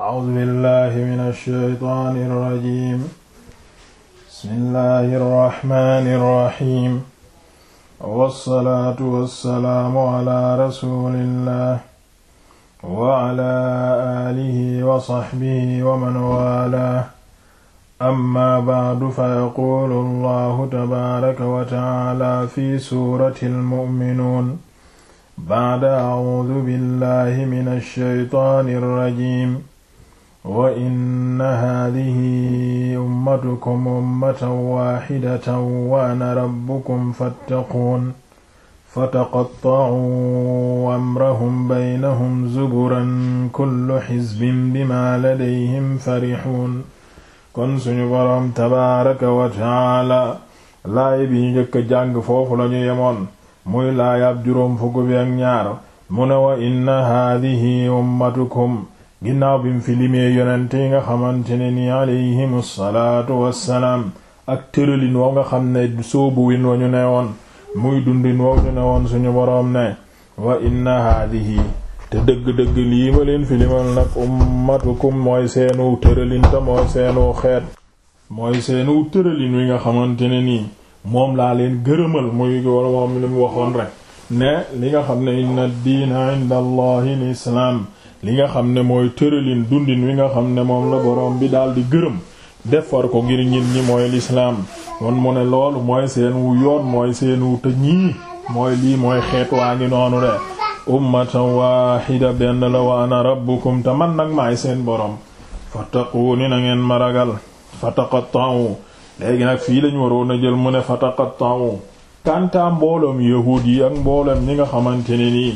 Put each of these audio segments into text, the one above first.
a'uuzu billahi mina shaytaani rajiim bismillahi rahmaani rahiim wassalaatu wassalaamu ala rasuulillah wa ala aalihi wa sahbihi wa man waalaahu amma ba'du fa yaquulu allahu tabaaraka wa ta'aala fi suuratil mu'minuun ba'da a'uuzu billahi mina shaytaani rajiim wa inna haadihi ummatukum ummatan waaxidatan wa ana rabbukum fattaquun fataqatta'uu amrahum baynahum zuburan kullu xisbin bimaa ladayhim farixuun kon suñu boroom tabaaraka wa taala bi njëkk jàng foofu muy laayab juróom fukk bi ak ñaar mu ne wa ginnaaw bi mu fi limee yi nga xamante ne ni alayhimu salaatu wassalaam ak tëralin wow nga xam ne soobuwin wa ñu ne woon muy dundin wow ñu ne woon suñu boroom ne wa inna haadihi te dëgg-dëgg lii ma leen fi limal nag ummatukum mooy seenu tëralin te mooy seenu xeet mooy seenu tëralin wi nga xamante ne nii moom laa leen gërëmal muy wala moom li mu waxoon rek ne li nga xam ne inna diina inda allahi li nga xam ne mooy tëralin dundin wi nga xam ne moom la borom bi daal di gërëm defar ko ngir ñin ñi mooy lislaam kon mu ne loolu mooy seen wu yoon mooy seen wu te ñii mooy lii mooy xeet waa ngi noonu de ummatan waahida benn la wa ana rabbukum te man nag maay seen borom fattaquuni na ngeen ma ragal fataqatta'u léegi nag fii lañu waroon a jël mu ne fataqatta'u kanta mbooloom yahuud yi ak mbooloom ñi nga xamante ni nii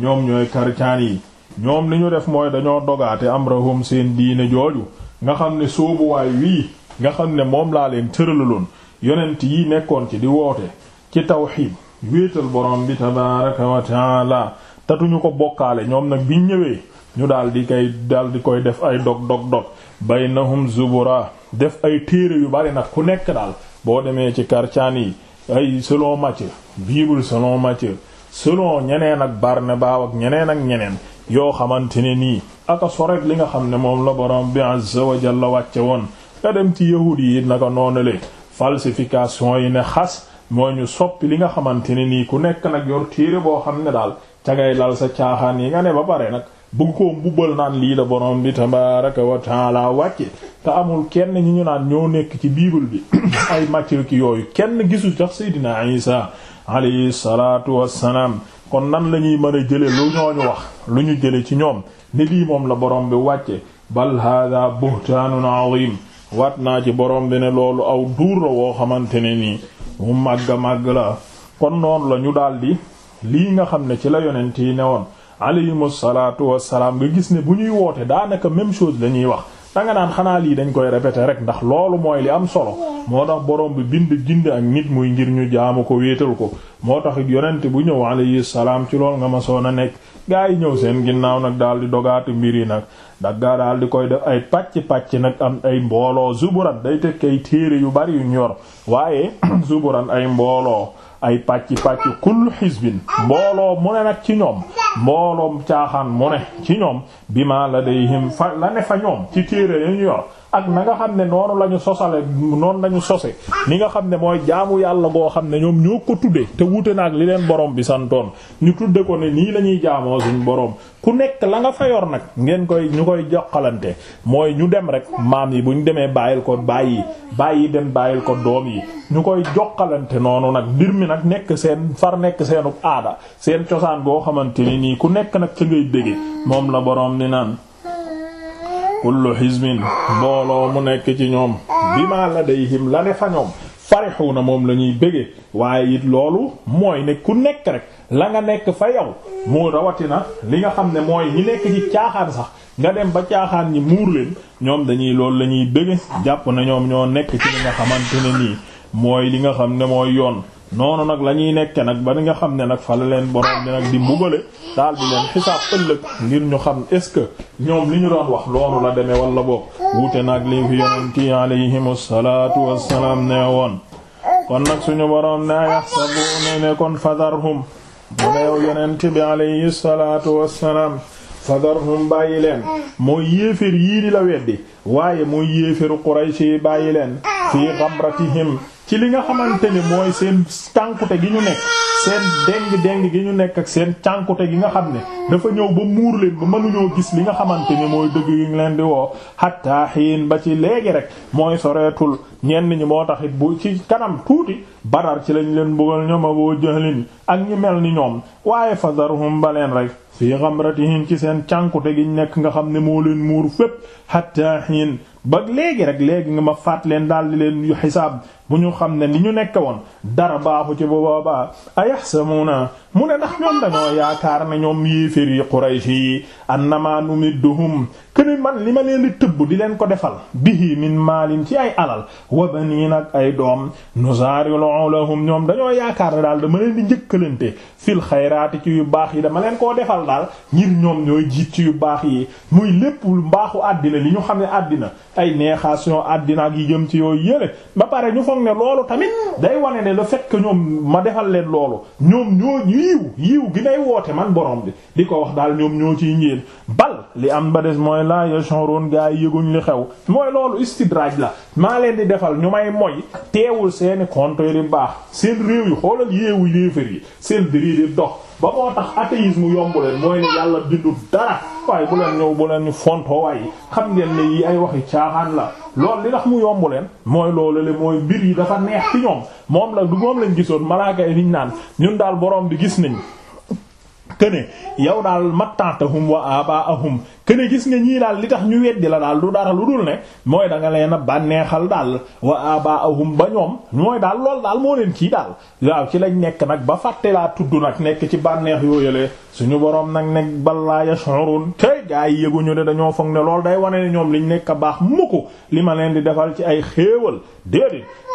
ñoom ñooy karcaan yi ñoom li ñu def mooy dañoo dogaate amrahum seen diine jooju nga xam ne sóobuwaay wii nga xam ne moom laa leen tëralaloon yonent yi nekkoon ci di woote ci tawxiid wéetal borom bi tabaaraka wa taala tatuñu ko bokkaale ñoom nag biñ ñëwee ñu daal di koy daal di koy def ay dog dog dog baynahum zubura def ay téere yu bari nag ku nekk daal boo demee ci karcaan yi ay selon Matthieu bible selon Matthieu selon ñeneen ak Barnabas ak ñeneen ak ñeneen yoo xamante ne nii aka soreet li nga xam ne moom la borom bi azza wa jalla wàcce woon nga dem ci yahuud yi naka noonale falsification yi ne xas moo ñu soppi li nga xamante ne nii ku nekk nag yor téere boo xam ne daal ca ngay lal sa caaxaan yi nga ne ba pare nag bëgg koo mbubbal naan lii la borom bi tabaraka wa taala wàcce te amul kenn ñi ñu naan ñoo nekk ci biibul bi ay matière ki yooyu kenn gisu sax seydina isa alayhi salaatu wassalaam kon nan la ñuy mën a jële lu ñooñu wax lu ñu jële ci ñoom ne lii moom la borom bi wàcce bal hada buhtaanun azim wat naa ci borom bi ne loolu aw duur la woo xamante ne nii mu màgg màgg la kon noonu la ñu daldi lii nga xam ne ci la yonent yi ne woon alayhimu salaatu salaam nga gis ne bu ñuy woote daanaka même chose la ñuy wax da nga naan xanaa lii dañ koy répéter rek ndax loolu mooy li am solo moo tax boroom bi bind jind ak nit muy ngir ñu jaamu ko wéetal ko moo tax yonent bu ñëw alayhi salaam ci lool nga ma soon a nekk gaa yi ñëw seen ginnaaw nag daal di dogaatu mbir yi nag daggaa daal di koy def ay pàcc-pàcc nag am ay mbooloo zuburan day tekk ay téere yu bari yu yor waaye zuburan ay mbooloo ay pàcc pàcc kullu xisbin mbooloo mu ne nag ci ñoom mbooloom caaxaan mu ne ci ñoom bi ma la fa la ne fa ñoom ci téere ñu yor ak na nga xam ne noonu la ñu sosale noonu la ñu sose li nga xam ne mooy jaamu yàlla goo xam ne ñoom ñoo ko tuddee te wuute naag li leen borom bi santoon ñu tudde ko ne nii la ñuy jaamoo suñ boroom ku nekk la nga fa nag ngeen koy ñu koy joxalante mooy ñu dem rek maam yi bu ñu demee bàyyil ko bàyyi bàyyi dem bàyyil ko doom yi ñu koy joxalante noonu nag mbir mi nag nekk seen far nekk seenu aada seen cosaan goo xamante ni nii ku nekk nag ca ngay moom la borom ni kullu xisbin booloo mu nekk ci ñoom bima ma la la ne fa ñoom na moom la ñuy bëggee waaye it loolu mooy ne ku nekk rek la nga nekk fa yow moo rawatina li nga xam ne mooy ñi nekk ci caaxaan sax nga dem ba caaxaan ñi muur leen ñoom dañuy loolu la ñuy bëggee jàpp na ñoom ñoo nekk ci li nga xamante ne nii mooy li nga xam ne mooy yoon. noonu nag la ñuy nekke nag ba nga xam ne nag fa la leen borom bi nag di mbugale daal di leen xisaab ëllëg ngir ñu xam est-ce que ñoom li ñu doon wax loolu la demee wala boog wuute nag li fi yonent yi alayhimu salaatu wassalaam nee woon kon nag suñu borom ne yaxsabuuna ne kon fadarhum mu ne yow yonent bi alayhi salaatu wassalaam fadarhum bàyyi leen mooy yéefér yii di la weddi waaye mooy yéeféru Quraysh bàyyi leen fii xamratihim ci li nga xamante ni mooy seen cànkute gi ñu nekk seen déng-déng gi ñu nekk ak seen cànkute gi nga xam ne dafa ñëw ba muur leen ba mënuñoo gis li nga xamante ni mooy dëgg yi ñu leen di woo hatta xiin ba ci léegi rek mooy soreetul ñenn ñi moo taxit bu ci kanam tuuti badar ci lañ leen bëggal ñoom Abu Jahlin ak ñu mel ni ñoom waaye fadarhum ba leen rek fii xamratihim ci seen cànkute gi ñu nekk nga xam ne moo leen muur fépp hatta xiin ba léegi rek léegi nga ma faat leen daal di leen yu xisaab bu ñu xam ne li ñu nekk woon dara baaxu ci boobaa ayahsamuna mu ne ndax ñoom dañoo yaakaar ne ñoom yéeféer yi Quraysh yi annama numidduhum kene man li ma leen di tëbb di leen ko defal bihi min maalin ci ay alal wa baniin ak ay doom nusaarilu lahum ñoom dañoo yaakaar ne daal dama leen di njëkkalante fil xayraati ci yu baax yi dama leen koo defal daal ngir ñoom ñooy jiit ci yu baax yi muy lépp mbaaxu àddina li ñu xam ne àddina ay neexation àddina ak yi jëm ci yooyu yële ba pare ñu foog ne loolu tamit day wane ne le fait ñoom ma defal leen loolu ñoom ñoo yiiw yiw gi nay woote man borom bi di ko wax daal ñoom ñoo ciy njéen bal li am ba des mooy laa yashurun gaa yi yëguñ li xew mooy loolu istidraaj la maa leen di defal ñu may moy teewul seeni compte yi di baax seen réew yi xoolal yéewu yéefar yi seen diri di dox ba moo tax mu yombu leen mooy ne yàlla bindu dara waaye bu leen ñëw bu leen ñu fontoo waaye xam ngeen ne yi ay waxi caaxaan la loolu li tax mu yombu leen mooy loolu le mooy mbir yi dafa neex ci ñoom moom la du moom lañ gisoon malaaka yi niñ naan ñun daal boroom bi gis nañ këne yow daal mattantahum wa abaahum këne gis nga ñii daal li tax ñu weddi la daal du dara lu dul ne mooy da nga leen a bànneexal daal wa abaahum ba ñoom mooy daal lool daal moo leen kii daal waaw ci lañ nekk nag ba fàtte laa tudd nag nekk ci bànneex yooyale suñu boroom nag neg ballaa yash'urun tey gaa yi yëguñu ne dañoo foog ne lool day wane ne ñoom liñ nekk a baax mukku li ma leen di defal ci ay xéewal di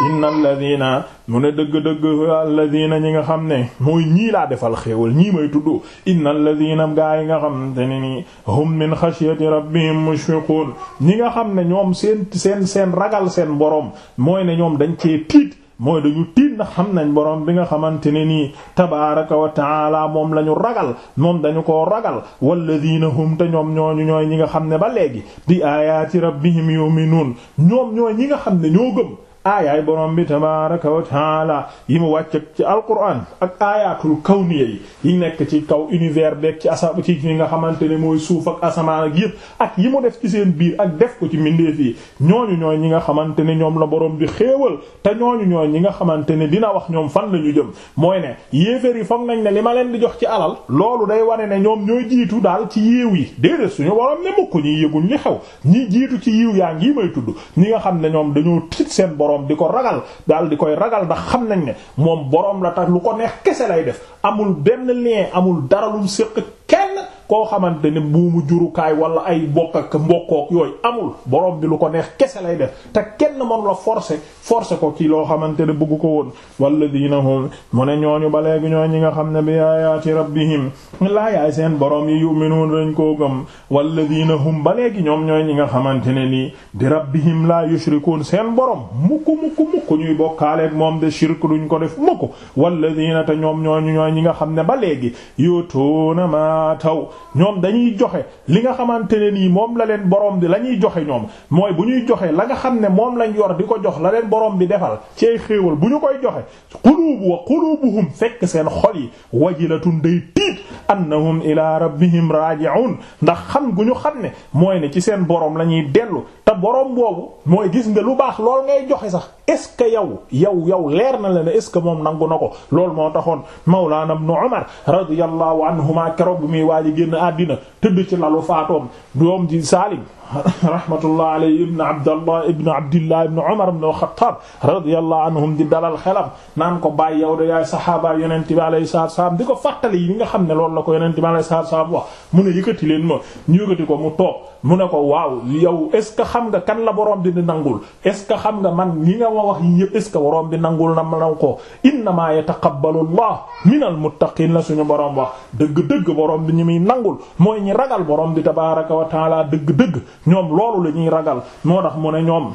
inna alladina mu ne dëgg-dëgg alladina ñi nga xam ne mooy ñii laa defal xéewal ñii may tudd inna alladina gaa yi nga xam te ne ni hum min xashyati rabbihim mushfiqun ñi nga xam ne ñoom seen seen seen ragal seen boroom mooy ne ñoom dañ cee tiit mooy dañu tiit na xam nañ boroom bi nga xamante ne nii tabaaraka wa taala moom la ñu ragal moom dañu koo ragal walladina hum te ñoom ñooñu ñooy ñi nga xam ne ba léegi di aayaati rabbihim yu'minuun ñoom ñooy ñi nga xam ne ñoo gëm aayaay borom bi tabaaraka wa taala yi mu wàcc ci alquran ak aayaatul kaw yi yi nekk ci kaw univers beeg ci asa ci nga xamante ne mooy suuf ak asamaan ak yëpp ak yi mu def ci seen biir ak def ko ci mbindeef yi ñooñu ñooy ñi nga xamante ne ñoom la borom bi xéewal te ñooñu ñooy ñi nga xamante ne dina wax ñoom fan la ñu jëm mooy ne yéeféer yi foog nañ ne li ma leen di jox ci alal loolu day wane ne ñoom ñooy jiitu daal ci yiiw yi déedéet suñu borom ne mukk ñi yëguñ li xew ñi jiitu ci yiiw yaa ngi may tudd ñi nga xam ne ñoom dañoo tiit borom boroom di ko ragal daal di koy ragal ndax xam nañ ne moom boroom la tax lu ko neex kese lay def amul benn lien amul dara lu mu séq kenn koo xamante ne buumu jurukaay wala ay bokk mbokkook yooyu amul borom bi lu ko neex kese lay def te kenn mënu la forcer forcer ko ci loo xamante ne bëgg ko woon walladina hum mu ne ñooñu ba léegi ñoo ñi nga xam ne bi ayaati rabbihim laa yaay borom yi yu'minuun dañ koo gëm walladina hum ba léegi ñoom ñooy ñi nga xamante ne nii bi rabbihim laa yushrikuun seen borom mukk mukk mukk ñuy bokkaaleek moom de shirk duñ ko def mukk walladina te ñoom ñooñu ñooy ñi nga xam ne ba léegi yutuuna ma taw ñoom dañuy joxe li nga xamante ne nii moom la leen borom bi la ñuy joxe ñoom mooy bu ñuy joxe la nga xam ne moom lañ yor di ko jox la leen borom bi defal ci ay xéewal bu ñu koy joxe qulubu wa qulubuhum fekk seen xol yi wajilatun day tiit annahum ilaa rabbihim raaji'un ndax xam gu ñu xam ne mooy ne ci seen borom la ñuy dellu te borom boobu mooy gis nga lu baax lool ngay joxe sax est ce que yow yow yow leer na la ne est ce que moom nangu na ko loolu moo taxoon Mawlana Ibn Umar radiyallahu anhuma keroog bu muy waaj a génn àddina tëdd ci lalu faatoom doom ji Saalim rahmatullah alayhi ibn abdallah ibn abdillah ibn umar ibn xattaab radiyallahu anhum di dalal xelam naan ko bàyyi yow de yaay saxaaba yonent bi alayhi salaatu salaam di ko fàttali yi nga xam ne loolu la ko yonent bi alayhi salaatu salaam wax mu ne yëkkati leen ma ñu yëkkati ko mu toog mu ne ko waaw yow est ce que xam nga kan la borom bi di nangul est ce que xam nga man li nga ma wax yi yëpp est ce que borom bi nangul na ma naw ko innamaa yataqabbalu llah minal muttaqiin la suñu borom wax dëgg-dëgg borom bi ñu muy nangul mooy ñi ragal borom bi tabaaraka wa taala dëgg-dëgg ñoom loolu la ñuy ragal noo tax mu ne ñoom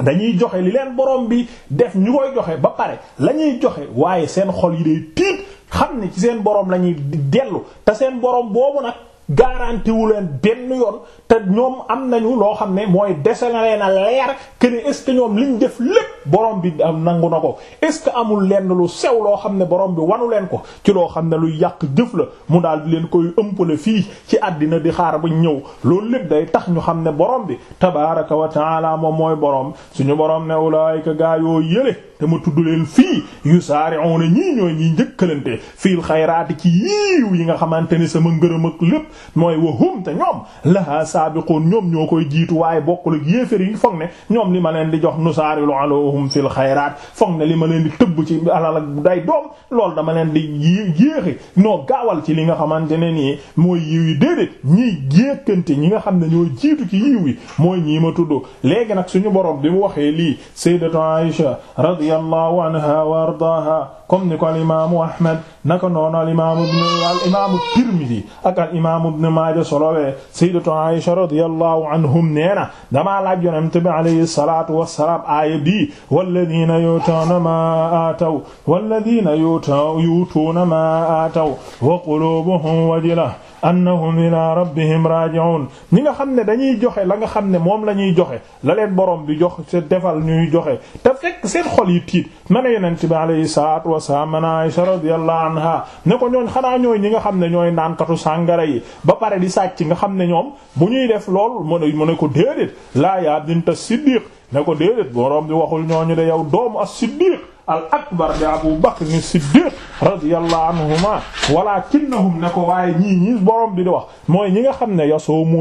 dañuy joxe li leen borom bi def ñu koy joxe ba pare la ñuy joxe waaye seen xol yi day tiit xam ne ci seen borom la ñuy dellu te seen borom boobu nag. garanti wu leen benn yoon te ñoom am nañu loo xam ne mooy dese na leen a leer que ne ñoom liñ def lépp. borom bi am nangu na ko est-ce que amul lenn lu sew loo xam ne borom bi wanu leen ko ci loo xam ne luy yàq jëf la mu daal di leen koy ëmpale fii ci àddina di xaar ba ñëw loolu lépp day tax ñu xam ne borom bi tabaaraka wa taala moom mooy borom suñu borom ne ulaayika gaa yoo yële te ma tudd leen fii yusaari'una ñii ñooy ñiy njëkkalante fiil xayraati ci yiiw yi nga xamante ne sama ngërëm ak lépp mooy wahum te ñoom laha saabiqun ñoom ñoo koy jiitu waaye bokkul ak yéefér yi foog ne ñoom li ma leen di jox nusaari hum fil xayraat foog ne li ma leen di tëbb ci alal day doom loolu dama leen di yéexi noo gaawal ci li nga xamante ne nii mooy yiw yi déedéet ñiy jékkante ñi nga xam ne ñoo jiitu ci yiw yi mooy ñii ma tudd léegi nag suñu borom bi mu waxee lii sayyidatu Aisha radiyallahu anha wa ardaaha comme ni ko al imaamu Ahmad naka noonu al imaamu ibn al imaamu Tirmidhi ak al imaamu ibn Maaja solowee sayyidatu Aisha radiyallahu anhum neena damaa laaj yonent bi alayhi salaatu wassalaam aaya bii walladhiina yu'tuuna maa aataw walladhiina yu'tuuna maa aataw wa quluubuhum wajilatun annahum ila rabbihim raji'un ñi nga xam ne dañuy joxe la nga xam ne moom la ñuy joxe la leen borom bi jox seen defal ñuy joxe te fekk seen xol yi tiit ma ne yonent bi alayhi salaatu wasalaam mana Aisha radiyallahu anha ne ko ñooñ xanaa ñooy ñi nga xam ne ñooy naankatu sàngara yi ba pare di sàcc nga xam ne ñoom bu ñuy def lool mu ne ne ko déedéet laa yaa binta siddiq ne ko déedéet borom bi waxul ñoo ñu de yow doomu as-siddiq al akbar bi Abu Bakr as-Siddiq radiyallahu anhuma walakinnahum ne ko waaye ñii ñii boroom bi di wax mooy ñi nga xam ne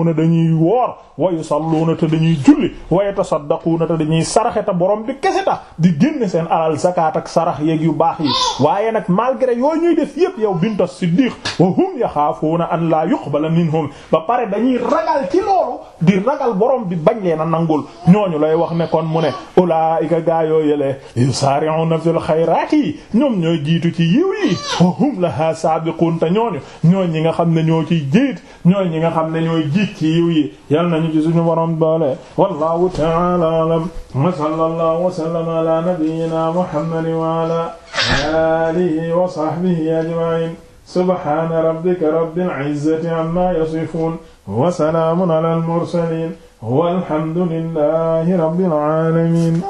na dañuy woor wa yusalluuna te dañuy julli wa yatasaddaquuna te dañuy saraxe te borom bi kese tax di génn seen alal zakaat ak sarax yeeg yu baax yi waaye nag malgré yoo ñuy def yépp yow bint as-Siddiq wa hum yaxaafuuna an laa yuqbala minhum ba pare dañuy ragal ci loolu di ragal borom bi bañ leen a nangul ñooñu lay wax ne mu ne ulaa'ika yusari'una fil xayraati ñoom ñooy jiitu ci yiw yi wa hum laha saabiqun te ñooñu ñooy ñi nga xam ne ñoo ciy jiit ñooy ñi nga xam ne ñooy jiit ci yiw yi yal nañu ci suñu borom doole wallahu ta'ala alam wa sallallahu wa sallama ala nabiyyina muhammadin wa ala alihi wa sahbihi ajma'in subhana rabbika rabbil izzati amma yasifun wa salamun ala al mursalin walhamdulillahi rabbil alamin